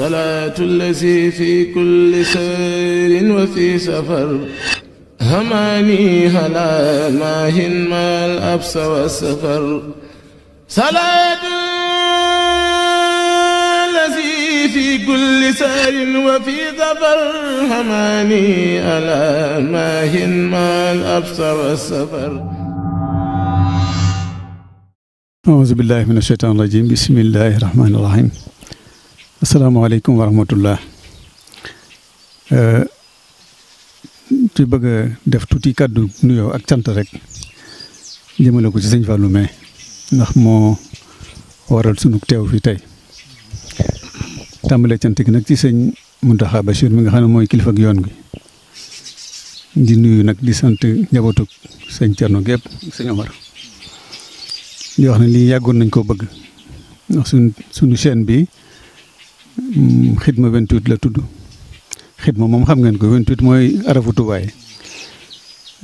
salaatu lazi fi kulli sayrin wa fi safar hamaani halaa maahin maal absa wa safar salaatu lazi fi kulli sayrin wa fi safar hamaani halaa maahin maal absa wa safar. auzu billaahi mina shaytaani rajiim bismillaahi rahmaani rahiim. asalaamaaleykum wa rahmatullah euh, ci bëgg def tuuti kàddu nuyoo ak cant rek jëmale ko ci sëñ Fallou mais ndax moo waral sunu teew fi tey tàmbale cant gi nag ci sëñ Mountakha Bachir mi nga xam ne mooy kilifa ak yoon gi di nuyu nag di sant njabootu sëñ Thierno gépp sëñ Omar di wax ne lii yàggoon nañ koo bëgg ndax suñ suñu chaîne bi xidma 28 la tudd xidma moom xam ngeen ko 28 mooy arafu tubaay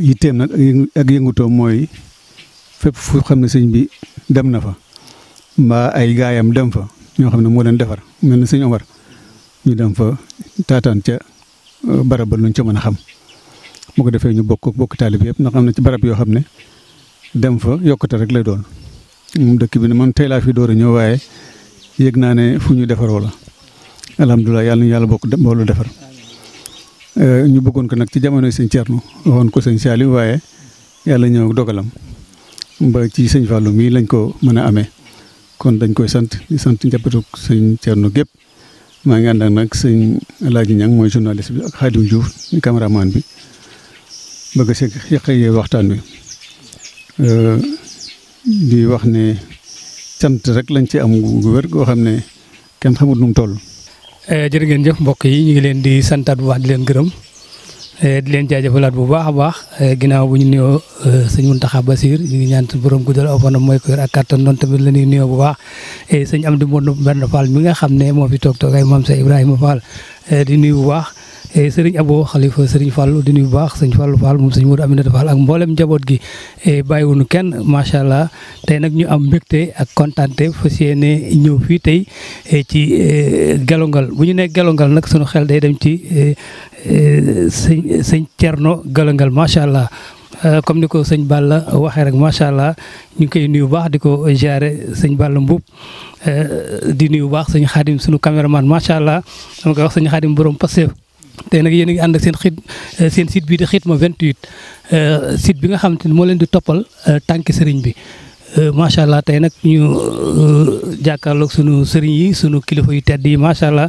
yitteem nag ak yëngutoom mooy fépp fu xam ne sëñ bi dem na fa mbaa ay gaayam dem fa ñoo xam ne moo leen defar mel na sëñ Omar ñu dem fa taataan ca uh, barab ba luñ ca mën a xam bu ko defee ñu bokk bokk taalib yëpp ndax am na ci barab yoo xam ne dem fa yokkute rek lay doon dëkk bi ne man tey laa fi door a ñëw waaye yëg naa ne fu ñu defaroo la alhamdulilah yàlla na yàlla bokk mboolu defar euh, ñu bëggoon ko nag ci jamono sëñ Thierno waxoon ko sëñ Saliou waaye yàlla ñëw dogalam ba ci sëñ Fallou mii lañ ko mën a amee kon dañ koy sant di sant njabootu sëñ Thierno gépp maa ngi ànd ak nag sëñ Alaaji ñaŋ mooy journaliste bi ak Xaadim juuf di caméraman bi bëgg a seq yëqëyee waxtaan wi euh, di wax ne sant rek lañ ci am gu wér goo xam ne kenn xamut nu mu Eh, jërë ngeen jëf mbokk yi ñu ngi leen di santaat bu baax di leen gërëm eh, di leen jaajëfalaat bu baax a baax eh, ginnaaw bu ñu nuyoo sëñ ba siir ñu ngi ñaan suñu borom guddal aw fanam mooy ko ak kattan noonu tamit la ñuy nuyoo bu baax sëñ Amdi Mbodj Mbène Fall mi nga xam ne moo fi toog toog ay Mame Cheikh Ibrahima Fall di nuyu bu baax. E sëriñ Abo xalifa sëriñ Fallou di nuyu bu baax sëñ Fallou Fall moom sëñ Modou Aminata Fall ak mboolem njaboot gi e bàyyiwuñu kenn macha allah tey nag ñu am mbégte ak kontaante fas yéene ñëw fii tey e ci Galongal bu ñu nee Galongal nag sunu xel day dem ci sëñ sëñ Thierno Galongal macha allah. comme ni ko sëñ Balla waxee rek macha allah ñu ngi koy nuyu baax di ko jaare sëñ Balla Mbuub di nuyu baax sëñ Xaadim sunu caméraman macha allah dama koy wax sëñ Xaadim borom Pastef tey nag yéen a ngi ànd ak seen xit euh, seen site bi di Khidma 28 euh, site bi nga xam te moo leen di toppal euh, tànki sëriñ bi macha allah tey nag ñu jàkkaarloog sunu sëriñ yi sunu kilifa yu tedd yi macha allah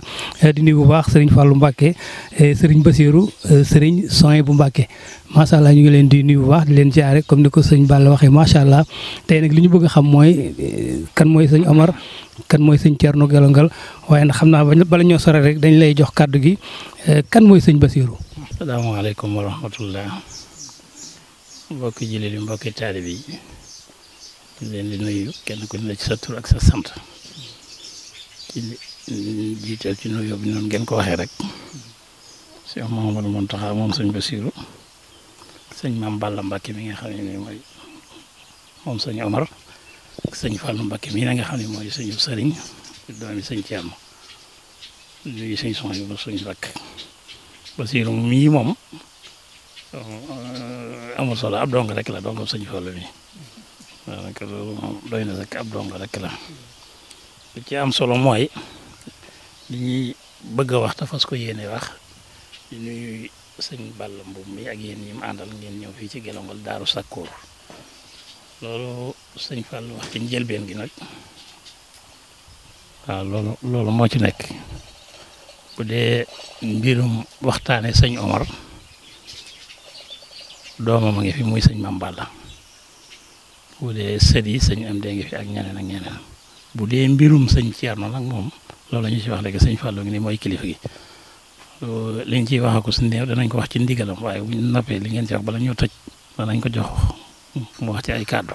di nuy bu baax sëriñ Fallou Mbacke sëriñ Basirou sëriñ Soye bu Mbacke. macha allah ñu ngi leen di nuyu bu baax di leen ziare comme ni ko sëñ Balla waxee macha allah tey nag li ñu bëgg xam mooy kan mooy sëñ Omar. kan mooy sëñ Thierno Gélo Ngél waaye nag xam naa bala ñoo sore rek dañ lay jox kàddu gi eh, kan mooy sëñ Basiiru asalaamaaleykum wa rahmatullah mbokki jëlee li mbokki taalibe yi leen di kenn ku ne sa tur ak sa sant ci ci nuyoo bi noonu ko waxee rek Cheikh Mouhamadou moom sëñ Basiiru sëñ Maam Balla Mbàkke mi nga xam ne nii mooy moom sëñ Omar ak sëñ Fallou Mbacké mii na nga xam ne mooy sëñu sëriñ doomi sëñ Thiam nuyu sëñ son yi ba suñ rakk Basiru mii moom euh, amul solo ab dong rek la dongam sëñ Fallou mi waaw nag loolu moom doy na rek ab dong rek la lu ci am solo mooy li ñuy bëgg a wax te fas ko yéene wax di nuyu sëñ Balla Mbuum mi ak yéen ñi mu àndal ngeen ñëw fii ci Guelongal Daaru Sakkoor loolu sañ Fall wax ci njëlbeen gi nag waaw loolu moo ci nekk bu dee mbirum waxtaane sëñ Omar doomam a ngi fi muy sëñ Mame Balla bu dee sët yi sëñ am dee ngi fi ak ñeneen ak ñeneen bu dee mbirum sëñ na nag moom loolu ñu ci wax léegi sëñ Fallou ngi ni mooy kilifa gi liñ ciy wax ak su néew danañ ko wax ci ndigalam waaye bu ñu noppee li ngeen ci wax bala ñoo tëj danañ ko jox mu wax ci ay kàddu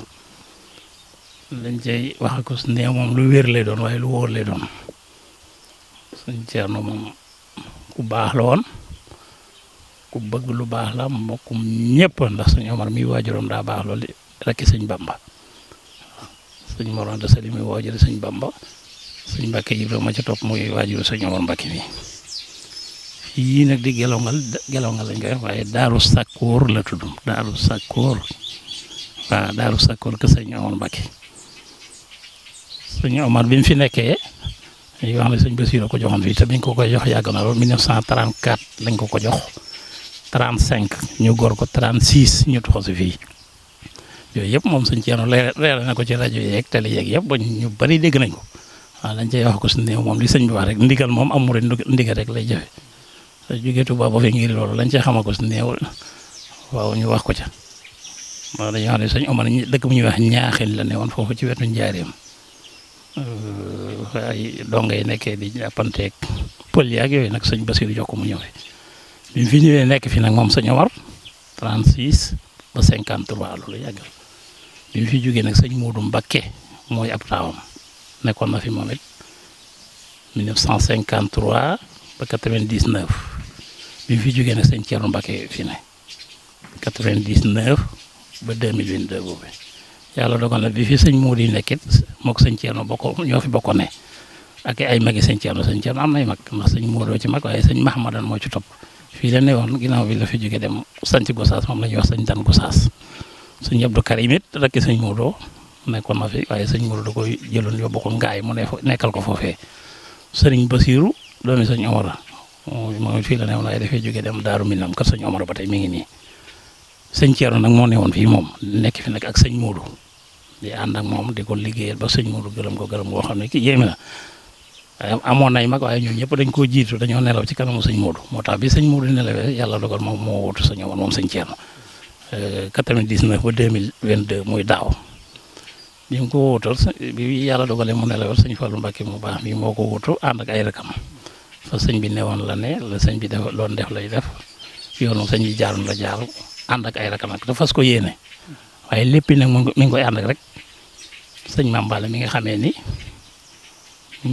lañ cay wax ak moom lu wér lay doon waaye lu wóor lay doon suñ Ceerno moom ku baax la woon ku bëgg lu baax la mbokkum ñëpp ndax suñu Omar mi waajuram daa baax loolu rakki sañ Bamba suñ moroon Anta Sali mi waajur sëñ Bamba suñ Mbàkke Ibra ma ca topp muy waajuru sëñ Omar Mbàkke mi yii nag di gelongal gelongal lañ koy waaye daaru Sakkoor la tuddum daaru Sakkoor waaw daaru Sakkoor ke sëñ Omar Mbàkke sëñ Omar bi mu fi nekkee ñu wax ne sëñ Bassirou ko joxoon fii te biñ ko koy jox yàgg na trent 1934 lañ ko ko jox 35 ñu goor ko 36 ñu toxu si fii yooyu yëpp moom suñ sëñ Thierno leeral na ko ci rajo yeeg télé yeeg yëpp ba ñu bari dégg nañ ko waaw dañ cey wax ko si néew moom di sëñ bi wax rek ndigal moom am murid ndigal rek lay jëfe te jóge Tuubaa ba fi ngir loolu lañ cey xamal ko si néew waaw ñu wax ko ca waaw dañuy wax ne sëñ Omar dëkk bu ñuy wax ñaaxin la ne foofu ci wetu njaareem Euh, ay donga yi nekkee di jàppanteeg pël yaag yooyu nag sëñ Basiru jokk mu ñëwee bi mu fi ñëwee nekk fi nag moom sëñ Omar 36 ba 53 loolu yàggal bi mu fi jógee nag sëñ Moodu Mbakke mooy ab taawam nekkoon na fi moom it 1953 ba 99 bi mu fi jógee nag sëñ Thierno Mbakke fi yàlla dogal na bi fi sëñ Modou yi nekkit mook sëñ Thierno bokk ñoo fi bokkoon ne ak ay magi sëñ Thierno sëñ Thierno am nay mag ndax sëñ Modou ci mag waaye sëñ Mahamadan moo ci topp fii la ne woon ginnaaw bi la fi jóge dem sanc Gosaas moom la ñuy wax sëñ Dan Gosaas sëñ Abdou Karim it rakki sëñ Modou nekkoon na fi waaye sëñ Modou da koy jëloon yóbbu ko ngaay mu ne nekkal ko foofee sëriñ Basirou doomi sëñ a moom fii la ne woon waaye dafay jóge dem Daaru Minam kër sëñ Omar ba tey mi ngi nii sëñ Thierno nag moo ne woon fii moom nekk fi nag ak sëñ Modou di ànd ak moom di ko liggéeyal ba sëñ Modou gërëm ko gërëm boo xam ne ki yéeme na amoon nay mag waaye ñun ñëpp dañ koo jiitu dañoo nelaw ci kanamu sëñ Modou moo tax bi sëñ Modou nelawee yàlla dogal moom moo wutu sëñ Omar moom sëñ Thierno 99 euh, ba 2022 muy daaw bi mu ko wuutal bi yàlla dogalee mu nelawal sëñ Fallou Mbacke mu baax mi moo ko wutu ànd ak ay rakam fa sëñ bi newoon la ne la sëñ bi def loon def lay def yoonu sëñ bi jaaroon la jaar ànd ak ay rakam ak dafa fas ko yéene waaye lépp nag mu ngi koy sëñ Mame Balla mi nga xamee ni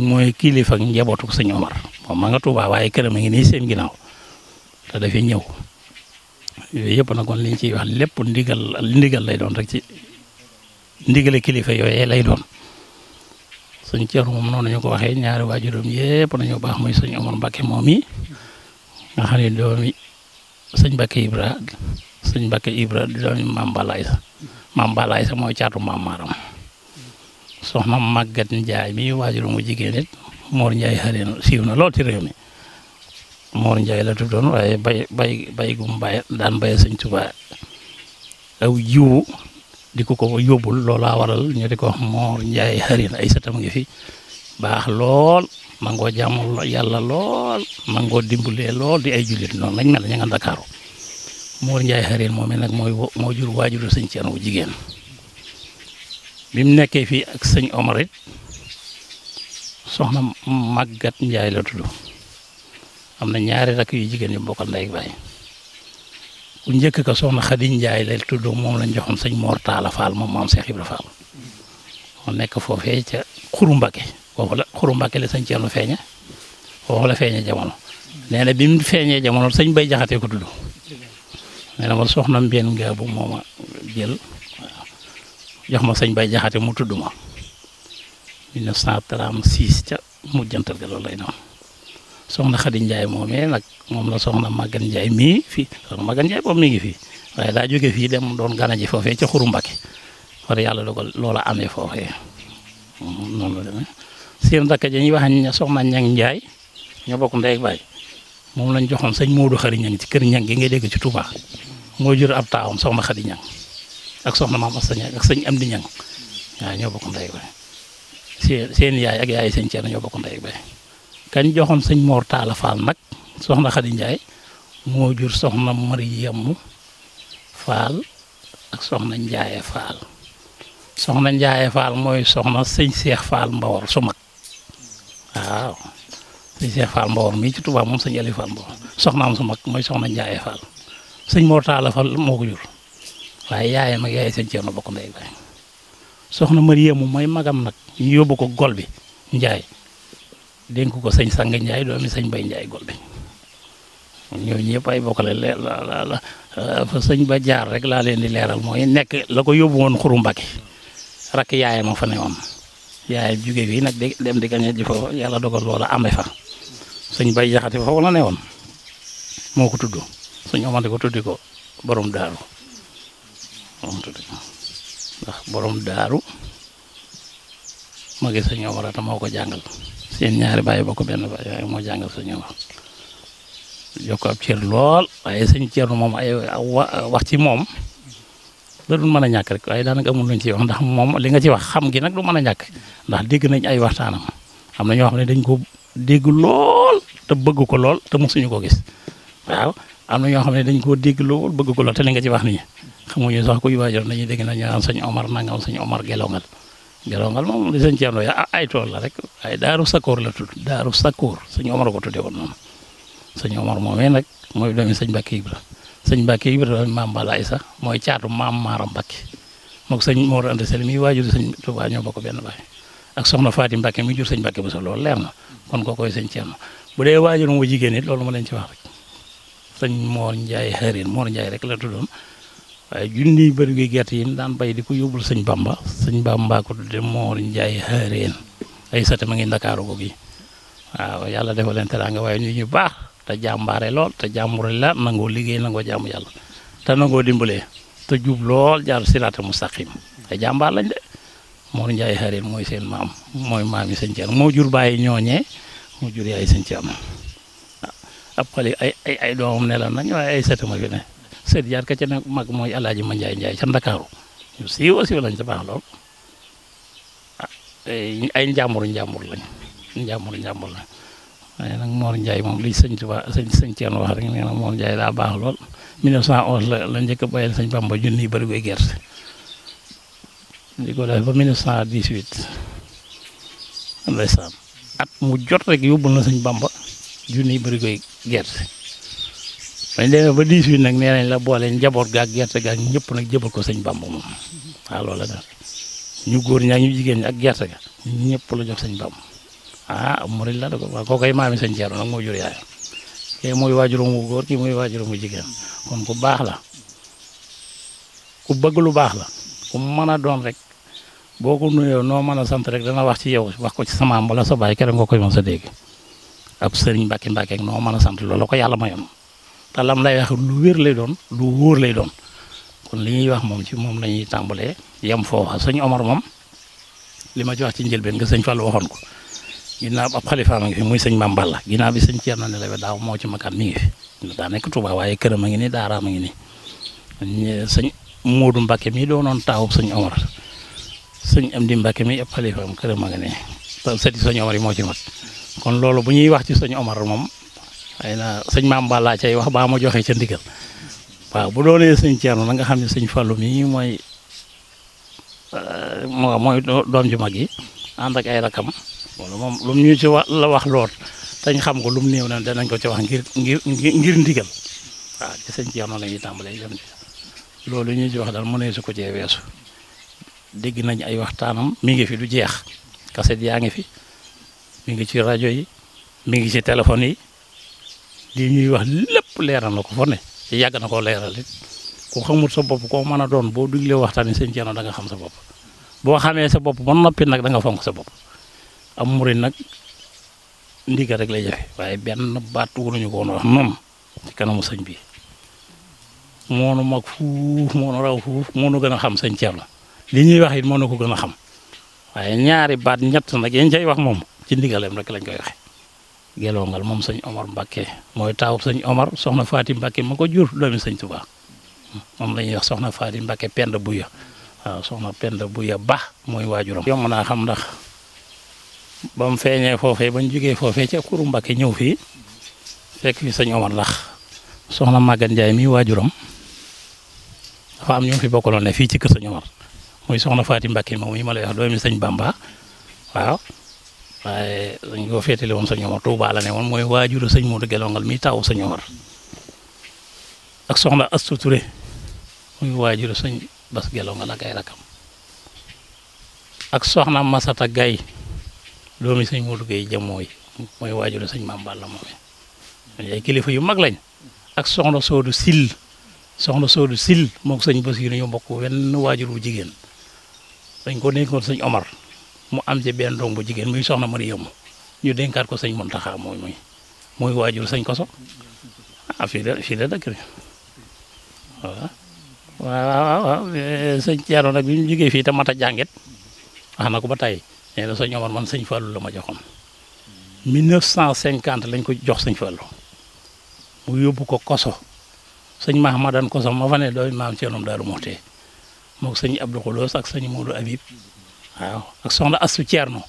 mooy kilifa ak njabootu sëñ Omar moom ma nga Touba waaye këram a ngi nii seen ginnaaw te dafay ñëw yooyu yëpp nag liñ ciy wax lépp ndigal lay doon rek ci ndigale kilifa yooyee lay doon sëñ Thierno moom noonu ñu ko waxee ñaari waajuram yëpp nañu baax muy sëñ Omar Mbacke moom yi nga xam ne doomi sëñ Mbacke Ibra sëñ Mbacke Ibra doomi Mame Balla mooy caatu Mame Maram soxna Maguette Ndiaye mi waajur mu jigéen it Mor Ndiaye xaree na siiw na lool ci réew mi Mor Ndiaye la tuddoon waaye bay bay bay gum bay daan bay sëñ Tuubaa aw jiwu di ko ko yóbbul loola waral ñu di ko wax Mor Ndiaye xaree na ay ngi fi baax lool mangoo jàmm yàlla lool mangoo dimbalee lool di ay jullit noonu lañ mel ne ña nga Ndakaaru Mor Ndiaye xaree moom nag mooy moo jur waajuru sëñ Thierno bu jigéen. bi mu nekkee fii ak sëñ Omar it soxna Maguette Ndiaye la tudd am na ñaari rakk yu jigéen yu bokkal ndey ak baay ku njëkk ka soxna Khady Ndiaye la tudd moom lañ joxoon sañ Mor Talla Fall moom maam Cheikh Ibra Fall mu nekk foofee ca Xuru Mbàkke foofu la Xuru Mbàkke la sëñ Thierno feeña foofu la feeñee jamono nee bi mu feeñee jamono sëñ Bay Jaxate ko tudd nee ma soxna Mbène Ngabou mooma jël. jox ma sañ Baye Jaxate mu tudd ma 1936 ca mujjantal ga loolu lay noonu soxna Xadi Njaay moomee nag moom la soxna Magan Njaay mii fi soxna Magan Njaay boobu mi ngi fii waaye daa doon gana ji foofee ca xuru Mbàkke war yàlla dogal loola amee foofee noonu ja ñuy wax ne soxna Ñang Njaay ñoo bokk ndey ak baay moom lañ joxoon sëñ Moodu Xari Ñang ci kër Ñang gi ngay dégg ci Touba moo jur ab taawam soxna Xadi Ñang ak soxna maam Asta a ak sëñ Amdi Ñaŋ waaw ñoo bokk ndey ak baay seen yaay ak yaay sëñ Ceerno ñoo bokk ndey ak kañ joxoon sëñ Mor Talla Fall nag soxna Xadi Njaay moo jur soxna Mariyamu Fall ak soxna Njaaye Fall soxna Njaaye Fall mooy soxna sëñ su mag sëñ Seex Fall Mbawor mii ci Tuubaa moom sëñ Ali mooy soxna Njaaye Fall sëñ Mor Talla Fall moo ko jur waaye yaayam mag yaay sëñ Thierno bokk ndey baay soxna Mariyamu mooy magam nag ñu yóbbu ko gol bi Njaay dénk ko sëñ Sang Njaay doomi sëñ Bay Njaay gol bi ñooñu ñëpp ay bokkale la sëñ ba jaar rek laa leen di leeral mooy nekk la ko yóbbu woon xuru Mbàkke rakk yaayam a fa ne woon yaayam jóge fii nag di dem di gañe ji fa yàlla dogal loola ame fa sëñ Bay Jaxate fa wala ne woon moo ko tudd sëñ Omar ko tuddi ko borom daaru ndax borom daaru ma gis sëñ Omar Ata moo ko jàngal seen ñaari bàyyi bokk benn bàyyi moo jàngal sëñ Omar jokk ab cër lool waaye sëñ Thierno moom ay wax ci moom la dul mën a ñàkk rek waaye daanaka amul luñ ci wax ndax moom li nga ci wax xam gi nag du mën a ñàkk ndax dégg nañ ay waxtaanam am na ñoo xam ne dañ ko dégg lool te bëgg ko lool te mosuñu ko gis am na ñoo xam ne dañ koo dégg lool bëgg ci wax nii xamuñu sax kuy waajur nañu dégg nañu naan sëñ Omar nangam sëñ Omar gelongal gelongal moom li sëñ Thierno ya ay tool la rek ay daaru sakoor la tudd daaru Sakkoor sëñ Omar ko tuddee woon noonu sëñ Omar moomee nag mooy doomi sañ Mbacke Ibra sëñ Mbacke Ibra doomi maam Bala Isa mooy caatu maam Maaram Mbacke moog sëñ Mor Anta Sali mi waajur sëñ Touba benn baay ak soxna Fatim Mbacke mi jur sëñ Mbacke bu sax loolu leer na kon koo sañ sëñ Thierno bu dee waajur mu jigéen it loolu ma leen ci wax rek sëñ Mor Ndiaye xërin Mor Ndiaye rek la tuddoon waaye junniy bërigo gerte yi daan bay di ko yóbbul sëñ Bamba sëñ Bamba ko tudde Moor Njaay Xaareen ay sate ma ngi Ndakaaru ko gi waaw yàlla defal leen teraanga waaye nit ñu baax te jàmbaare lool te jàmbure la nangoo liggéey nangoo jàmm yàlla te nangoo dimbalee te jub lool jaar siraata mustaqim te jàmbaar lañ de Moor Njaay Xaareen mooy seen maam mooy maam yi sëñ Thiam moo jur bàyyi ñooñee moo jur yaay sëñ Thiam ab xale ay ay ay doomam ne la nañ ma sët yaar ka ca mag mooy alaaji ma njaay njaay ca ndakaaru ñu siiw lañ sa baax lool ah, eh, ay njàmbur njàmbur lañ njàmbur njàmbur lañ waaye nag Mor Ndiaye moom li sëñ Tuba sëñ sëñ wax rek nee na daa baax lool 1911 la la njëkk a bayal sëñ Bamba junniy bëri koy gerte di ko def ba 1918 ndeysaan at mu jot rek yóbbul na sëñ Bamba junniy bëri gerte bañ demee ba 18 nag nee nañ la boole njaboot gaag gerte gaag ñëpp nag jëbal ko sëñ Bamba moom waaw loola daal ñu góor ñaa ñu jigéen ñi ak gerte ga ñëpp la jox sëñ Bamba ah murid la da ko kookoy maami sëñ Ceerno nag moo jur mooy waajuram wu góor kii mooy waajuram wu jigéen baax la ku bëgg lu baax la ku mën a doon rek boo ko nuyoo noo mën a sant rek dana wax ci yow wax ko ci sa maam wala sa baay keneen koy mën sa dégg ab sëriñ Mbàkke Mbàkke noo mën a sant loolu ko yàlla mayoon te lam lay wax lu wér lay doon lu wóor lay doon kon li ñuy wax moom ci moom lañuy ñuy yam yem foofa sëñ Omar moom li ma ci wax ci njëlbeen nga sëñ Fallou waxoon ko ginnaaw ab xalifa ma muy sëñ Mame Balla bi sëñ Thierno ne la ba daaw moo ci makat mi ngi fi nekk Touba waaye këram a ngi nii Daara ma ngi nii sëñ Modou Mbacke mi doonoon taawub sëñ Omar sëñ Amdi Mbacke mi ab xalifa am këram a ngi nii sëñ Omar yi moo ci mat kon loolu bu ñuy wax ci sëñ Omar moom. xëy na sëñ maam Ba laa cay wax baa ma joxe ca ndigal waaw bu doonee sëñ Thierno na nga xam ne sëñ Fallou mii mooy euh, moo mooy doom ju mag yi ànd ak ay rakam loolu moom lu ñu ci wax lool tañ xam ko lu mu néew na danañ ko ci wax ngir ngir ngir ndigal waaw sëñ Thierno la ñuy tàmbalee jëm ci loolu ñu ci wax daal mënee su ko cee weesu dégg nañ ay waxtaanam mi ngi fi du jeex kaset yaa ngi fi mi ngi ci rajo yi mi ngi ci téléphone yi. li ñuy wax lépp leeral na ko fa ne yàgg na koo leeral it ku xamul sa bopp koo mën a doon boo duglee waxtaan yi sëñ Ceerno da xam sa bopp boo xamee sa bopp ba noppi nag danga fonk sa bopp am murid nag ndigal rek lay jafe waaye benn baat waruñu ko woon wax noonu ci kanamu sëñ bi moonu mag fuuf nu raw fuuf nu gën a xam sëñ Ceerno li ñuy wax it moonu ko gën a xam waaye ñaari baat ñett nag yañ cay wax moom ci ndigalem rek lañ koy waxe gelongal moom sëñ Omar Mbakke mooy taawu sëñ Omar soxna Faati Mbakke ma ko jur doomi sëñ Tuubaa moom lañuy ñuy wax soxna Faati Mbakke pend Buya waaw soxna Penda Buya Ba mooy waajuram. yomb naa xam ndax ba mu feeñee foofee ba ñu jugee foofee ca kuru Mbakke ñëw fii fekk fi sëñ Omar ndax soxna Maguette Ndiaye mii waajuram dafa am ñu fi bokkaloon ne fii ci kër sëñ Omar muy soxna Faati Mbakke moom mi ma lay wax doomi sëñ Bamba waaw. waaye dañ ko féetale woon sëñ Omar Touba la ne woon mooy waajuru sëñ Modou Gelongal mi taawu sëñ Omar ak soxna Astou Touré muy waajuru Bas Gelongal ak ay rakam ak soxna Masata Gaye doomi sëñ Modou Gaye jamooy mooy waajur sëñ Maam Balla moomee dañ ay kilifa yu mag lañ ak soxna Soodu Sil soxna Soodu Sil moo ko sëñ Basiru ñu mbokk wenn waajur wu jigéen dañ ko nekkoon sëñ Omar mu am ci benn doom bu jigéen muy soxna Mari Yomb ñu dénkaat ko sëñ Muntaxa mooy muy muy waajur sëñ Koso ah fii de fii de dëkk bi waaw eh, eh, sëñ Thierno nag bi ñu jógee fii te mat a jàngit wax na ko ba tey nee na sëñ Omar man sëñ Fallou la ma joxoon 1950 lañ koy jox sëñ Fallou mu yóbbu ko Koso sëñ Mahamadan Koso ma fa ne doy maam Thierno Daaru Muxti moog sëñ Abdou Khoulous ak sëñ Modou Habib. waaw ak soxna Astu Ceerno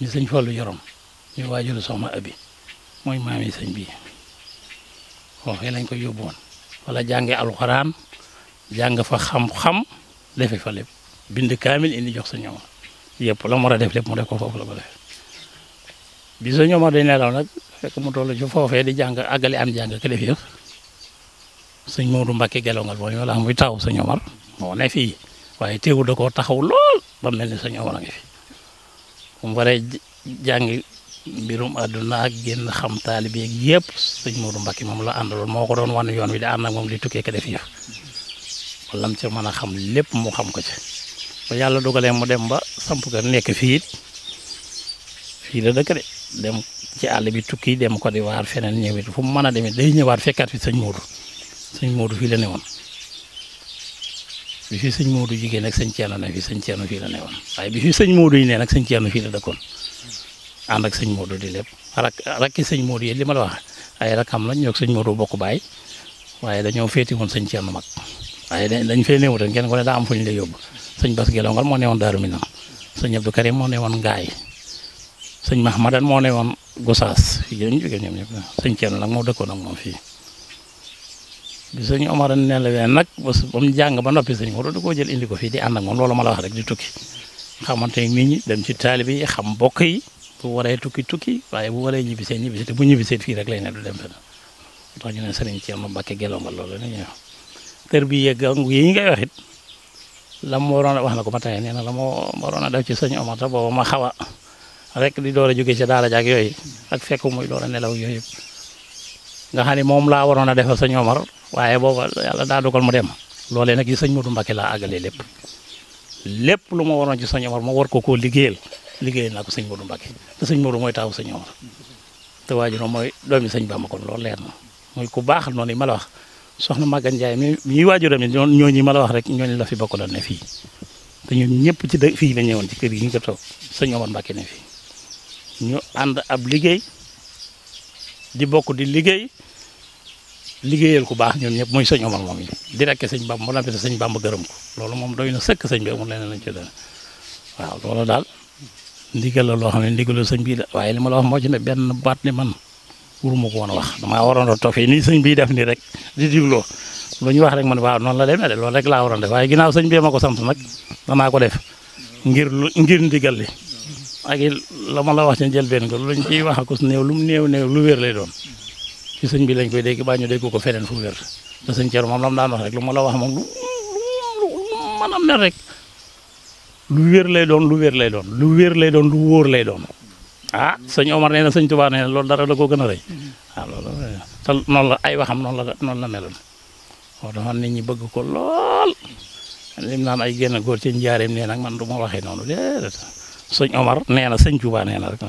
mi sëñ Fallu yoroon mi waajuru soxna abi mooy maami sañ bi foofee lañ ko yóbbu woon wala jànge alxuraan jàng fa xam-xam defe fa lépp bind kaamil indi jox sëñ yëpp la mu a def lépp mu ko foofu bi sëñ Omar nelaw nag fekk mu toll ci foofee di jàng àggali am jàng ka def yëf sëñ Moodu Mbàkke gelongal mooy wala muy taw sëñ Omar moo ne fii waaye teewul da koo taxaw lool ba mel ni sañoo war a ngi fi mu waree jàngi mbirum àdduna ak génn xam taalibe ak yëpp sëñ Modou mbakki moom la àndaloon moo ko doon wan yoon wi di ànd ak moom di tukkee ko def yëf wala mën a xam lépp mu xam ko ci ba yàlla dogalee mu dem ba samp nekk fii it fii la dëkk de dem ci àll bi tukki dem ko di waar feneen ñëwit fu mu mën a demee day ñëwaat fekkaat fi sëñ Modou sëñ Modou fii la woon bi fi sëñ Modou jigéen ak sëñ Thierno ne fi sëñ Thierno fii la newoon waaye bi fi sëñ Modou yi ne nag sëñ Thierno fii la dëkkoon ànd ak sëñ Modou di lépp a rakki sëñ Modou yi li ma la wax ay am lañ ñoo ak sëñ Modou bokk baay waaye dañoo féeti woon sëñ Thierno mag waaye dañ fee néew rek kenn ko daa am fu ñu lay yóbbu sëñ Bass Gelongal moo ne woon daaru Darou Minam sëñ Abdou Karim moo woon Ngaay sëñ Mahmadan moo newoon Gosaas fii la ñu jógee ñoom ñëpp sëñ nag moo dëkkoon ak moom fii bi sëñ Omar nelawee nag bés ba mu jàng ba noppi sëñ Modou da koo jël indi ko fii di ànd ak moom loolu ma la wax rek di tukki xamante dem ci taalibe yi xam mbokk yi bu waree tukki tukki waaye bu waree ñibbisee ñibbisee bu ñibbisee fii rek lay ne du dem fenn tax ñu ne sëriñ Thierno Mbacke Guelongal loolu la ñuy wax tër bi yegg yi ngay wax it la mu waroon a wax na ko ba tey nee na la moo a def ci sëñ Omar ma xaw a rek di door a jógee ci daara jaak yooyu ak fekk muy door a nelaw yooyu yëpp nga xam ne moom laa waroon a defal sëñ Omar waaye booba yàlla daa dogal mu dem loolee nag yi sëñ Modou Mbacké laa àggalee lépp lépp lu ma waroon ci sëñ Omar ma war ko koo liggéeyal liggéeyal naa ko sëñ Modou Mbacké sëñ Modou mooy taawu sëñ Omar te waajuram mooy doomi sëñ Bamba kon loolu leer na muy ku baax noonu ma la wax soxna Maguette Ndiaye mi mi waajuram ni ñooñu ma la wax rek ñooñu la fi bokk doon ne fii te ñun ñëpp ci dë fii la ñëwoon ci kër gi ñu ko toog sëñ Omar Mbacké ne fii ñu ànd ab liggéey di bokk di liggéey liggéeyal ku baax ñun ñëpp muy sëñ Omar moom yi di rekke sëñ Bamba mu nampite sëñ Bamba gërëm ko loolu moom doy na sëkk sëñ bi amul leneen lañ ci doon waaw loolu loo xam ne ndigalu sëñ bii la waaye li ma la wax moo benn baat ni man wuruma ko woon wax damaa waroon a toog nii sëñ bii def nii rek di digloo lu ñu wax rek man waaw noon la demee de loolu rek laa waroon def waaye ginaaw sëñ bi ma ko sant nag danaa ko def ngir ngir ndigal li ak la ma la wax ci njëlbeen ko lu ñu ciy wax ak su lu mu néew néew lu wér lay doon ci sëñ bi lañ koy dégg baa ñu dégg ko feneen fu wér te moom la mu daan lu ma la wax moom lu mën a rek lu wér lay doon lu wér lay doon lu wér lay doon lu wóor lay doon ah sëñ Omar nee na sëñ Tuubaa nee dara la ko gën a rëy waaw ah, loolu te noonu la ay waxam noonu la noonu la nit ñi bëgg ko lool lim naan ay génn góor ci njaareem nee nag man du ma waxee noonu déedéet sëñ Omar nee na sëñ Touba nee na rek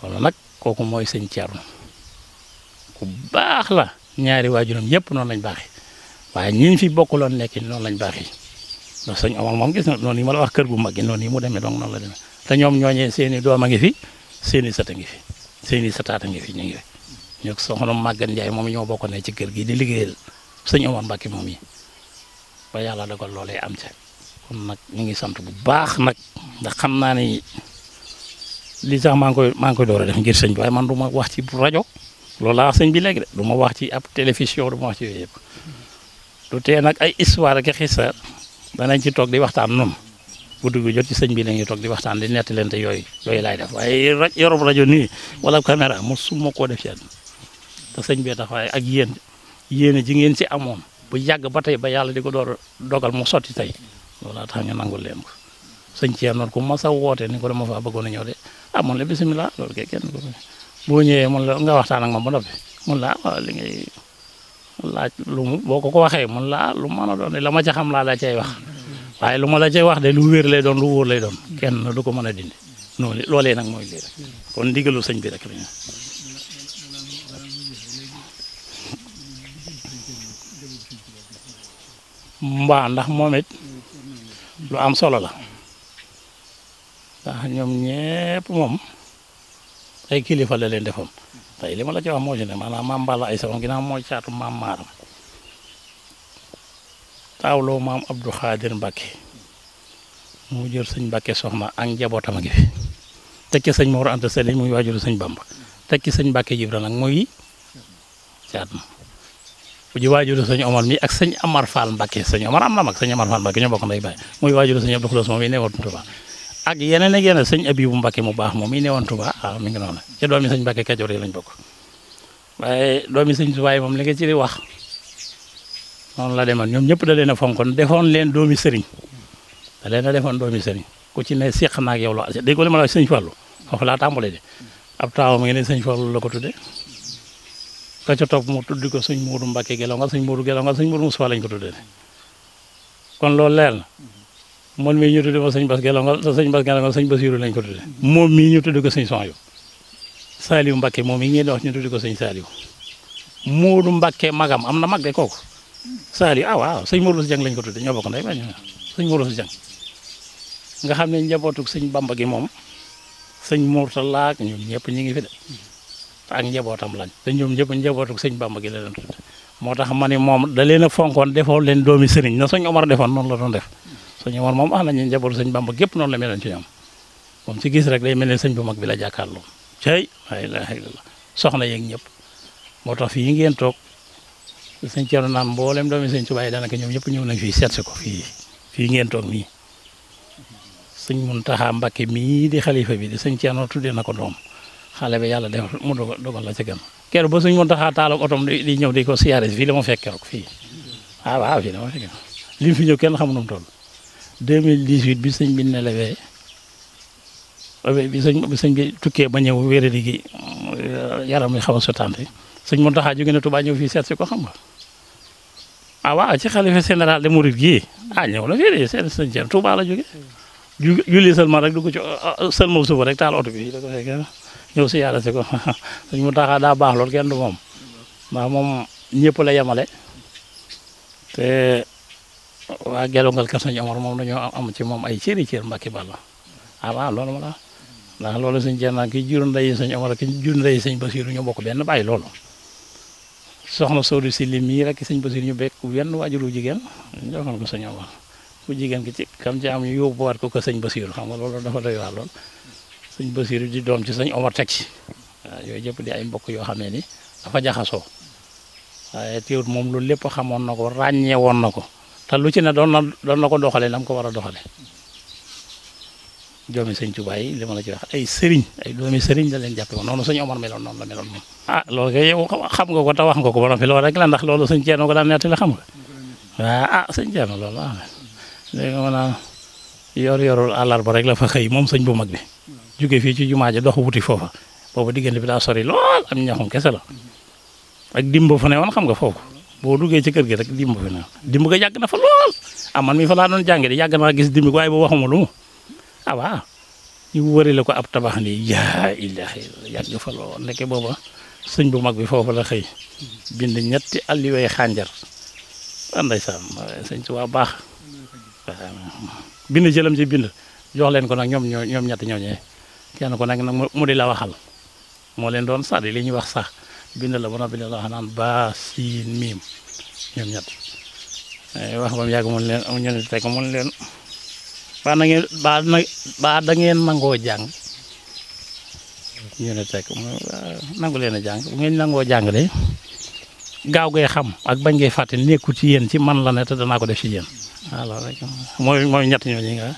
wala nag kooku mooy sëñ Thierno ku baax la ñaari waajuram yëpp noonu lañ baaxee waaye ñi fi bokkuloon nekki noonu lañ baaxee ndax sëñ Omar moom gis na noonu yi ma la wax kër gu mag gi noonu yi mu demee donc noonu la demee te ñoom ñooñee seen i doom a ngi fi seeni i ngi fi seen i ngi fi ñu ngi fi ñoo soxna Maguette Ndiaye moom ñoo bokkoon ne ci kër gi di liggéeyal sëñ Omar Mbacke moom yi ba yàlla dogal loolee am ca. nag ñu ngi sant bu baax nag ndax xam naa ni li tax maa ngi koy maa ngi koy door a def ngir sëñ bi waaye man du ma wax ci rajo loolu laa sañ bi léegi de du ma wax ci ab télévision du ma wax ci yooyu yëpp du tee nag ay histoire ak ci toog di waxtaan noonu guddi gu jot ci sëñ bi la ñuy toog di waxtaan di nettalante yooyu yooyu laay def waaye yorob rajo nii wala caméra mosuma koo def ci te sëñ bee tax waaye ak yéen yéen ji ngeen ci amoon bu yàgg ba tey ba yàlla di ko door dogal mu sotti tey loolaa tax ñu nangul leen ko sëñ Thierno ku ma sa woote ni ko dama faa bëggoon a ñëw de ah man la bisimilah loolu kay kenn ko ñëwee mun la nga waxtaan ak moom ba noppi mun la waaw ah, li lu mu boo ko ko waxee mun la ah, lu mën la ma ca xam laa la cay wax waaye lu ma la cay wax de lu wér lay doon lu wóor lay doon kenn du ko mën a dindi noonu loolee nag mooy lii rek kon ndigalu sëñ bi rek la ñu mbaa ndax moom it lu am solo la ndax ñoom ñëpp moom ay kilifa la leen defoon tey li ma la ci wax moo ci ne maanaam maam Balla ay sama ginnaaw mooy caatu maam Maaram taawloo maam Abdou Khadir Mbacke mu jël sëñ Mbacke soxna ak njabootam a ngi fi teg ci sëñ Mor Anta Sali muy waajuru sëñ Bamba teg ci sëñ Mbacke Jibril nag muy caat ma ji waajuru sëñ Omar mi ak sëñ a Fall Mbacke sëñ Omar am na mag a Amar Fall Mbacke ñoo bokk nday baay muy waajuru sëñ Abdou Khoudoss moom mi newoon Touba ak yeneen ak yeneen sëñ Abibu Mbacke mu baax moom mi newoon Touba waaw mi ngi noonu ca doomi sëñ Mbacke Kajoor yi lañ bokk waaye doomi sëñ Touba moom li nga ci di wax noonu la demoon ñoom ñëpp da leen a fonkoon defoon leen doomi sëriñ da a defoon doomi sëriñ ku ci ne seq na ak yow loo dégg nga li ma la wax sëñ Fallou foofu laa tàmbalee de ab taaw mi ngi ne sëñ Fallou la ko tudde ka ca topp mu ko sëñ Modou mbake gelaw sëñ Modou Gelongal sëñ Modou Moussa lañ ko tuddee kon lool leer na mi mii ñu tuddee ma sëñ Bass Gelongal sa sëñ Bass lañ ko tuddee moom mii ñu tuddee ko sëñ Soxna Saliou Mbacke moom mii ngeen di ñu tuddee ko sëñ Saliou Modou Mbacke magam am na mag de kooku Saliou ah waaw sëñ Modou Jang lañ ko tuddee ñoo bokk ndey ba ñu sëñ Modou Jang nga xam ne njabootu sëñ Bamba gi moom sëñ Mourtala ak ñun ñu ngi fi de. te ak njabootam lañ te ñoom njabootu sëñ Bàmba gi la moo tax ma ne moom da leen fonkoon defoo leen doomi sëriñ na sëñ Omar defoon noonu la doon def sëñ Omar moom wax ah nañu njabootu sëñ Bàmba gépp la meloon ci ñoom moom si gis rek day mel ne sëñ bu mag bi la jàkkaarloo cay la soxna yeeg ñëpp moo tax fii ngeen toog sëñ Thierno mboolem doomi sëñ Tuubaa daanaka ñoom ñëpp ñëw nañ fii seet ko fii fii ngeen toog nii sëñ Muntaxa Mbàkke mii di xalifa bi di sëñ Thierno tuddee na ko doom xale bi yàlla defal mu dogal la ca gën keroog ba suñ mën taxaa taalam otom di ñëw di ko siyaare fii la ma fekk keroog fii ah waaw fii la fi ñëw kenn xamu nu mu toll 2018 bi sëñ bi nelawee bi sëñ bi sëñ tukkee ba ñëw wéerali gi yaram mi xaw a sotante sëñ mën taxaa jóge na Tuubaa ñëw fii seet si ko xam nga ah waaw ci xalifa général de Mouride gii ah ñëw na fii de seet sëñ Tuubaa la jóge julli seulement rek du ko ci suba rek taal oto ñëw si yàlla si ko sëñ Muntaxa daa baax lool kenn du moom ndax moom ñëpp la yemale te waa gelongal kër sëñ Omar moom dañoo am ci moom ay cëri cër Mbàkke Balla ah waaw loolu ma la ndax loolu sëñ Jeennaa ki jur ndeyi sëñ Omar ki jur ndeyi sëñ Basiiru ñu bokk benn bàyyi loolu soxna Soodu si li mii rek sëñ Basiiru ñu bekk benn waajuru jigéen joxoon ko sëñ Omar ku jigéen ki ci kam ci am ñu yóbbuwaat ko ko sëñ Basiiru xam nga lool dafa doy waar lool sëñ Basiru di doom ci sëñ Omar teg ci waaw yooyu yëpp di ay mbokk yoo xam ne ni dafa jaxasoo waaye teewut moom loolu lépp xamoon na ko ràññee woon na ko te lu ci ne na doon na ko doxalee nam ko war a doxalee doomi sëñ li ma la ci wax ay sëriñ ay doomi sëriñ la leen jàppe woon noonu sëñ Omar meloon noonu la meloon moom ah loolu kay yow ko te wax nga ko borom fi loolu rek la ndax loolu sëñ Ceerno ko daan nettali xam nga waaw ah sëñ Ceerno a yor yorul àllarba rek la fa xëy moom sëñ bu mag bi jóge fii ci jumaa ja dox wuti foofa boobu diggante bi daa sori lool am ñaxum kese la ak dimba fa ne woon xam nga foofu boo duggee ci kër gi rek dimb fa ne woon dimb ga yàgg na fa lool ah man mi fa laa doon jànge de yàgg naa gis dimb waaye boo waxuma lu mu ah ko ab tabax nii yaa ilaahi yàgg fa lool ndeke booba sëñ bu mag bi foofu la xëy bind ñetti alliwey xànjar ah ndeysaan baax bind jëlam si bind jox leen ko nag ñoom ñoo ñoom ñetti ñoo kenn ku nekk nag mu di la waxal moo leen doon sax di li ñuy wax sax bind la ba noppi di la wax naan baa siin miim ñoom ñett eh, wax ba mu yàgg mun leen ñu ne teg mun leen baa na ngeen baa na baa da ngeen nangoo jàng ñu ne teg nangu leen a jàng bu ngeen nangoo jàng de gaaw gay xam ak bañ ngay fàtte nekkul ci yéen ci man la ne te danaa ko def ci yéen mooy mooy ñett ñooñu nga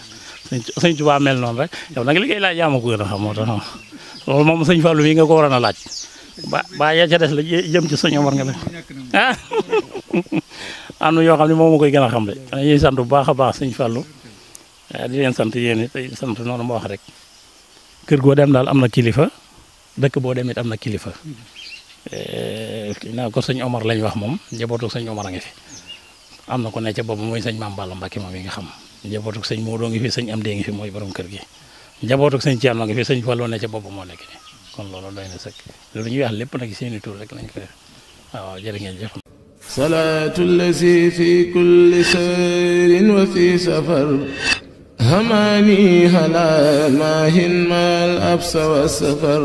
sëñ Tuubaa mel noonu rek yow nag li ngay laaj yaa ma ko gën a xam moo moom sëñ Fallou mii nga ko waroon a laaj ba ba yaa ca des la jëm ci sëñ Omar nga ne ah! na yoo xam ne moom moo gën a xam de dañuy bu baax a baax sëñ Fallou eh, leen sant yéen it sant noonu ma wax rek kër goo dem daal am na kilifa dëkk boo dem am na kilifa eh, naa ko sëñ Omar lañ wax moom njabootu sëñ Omar a ngi fi am na ko nekk ca boobu mooy sëñ Maam Balla Mbacke moom yi nga xam. njabootuk sëñ Modou ngi fi am Amdi ngi fi mooy borom kër gi njabootuk sëñ Thierno ngi fi sëñ Fallou ne ca bopp moo nekk ni kon loolu doy na sëkk loolu ñuy wax lépp nag seeni tur rek lañ ko def waaw jërë ngeen jëf salaatu lazi fi kulli sayrin wa fi safar hamani halal mahin mal absa wa safar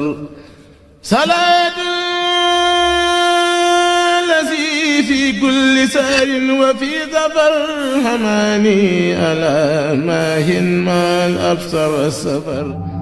في كل سهر وفي ظفر حماني ألا ماهن ما الأبصر السفر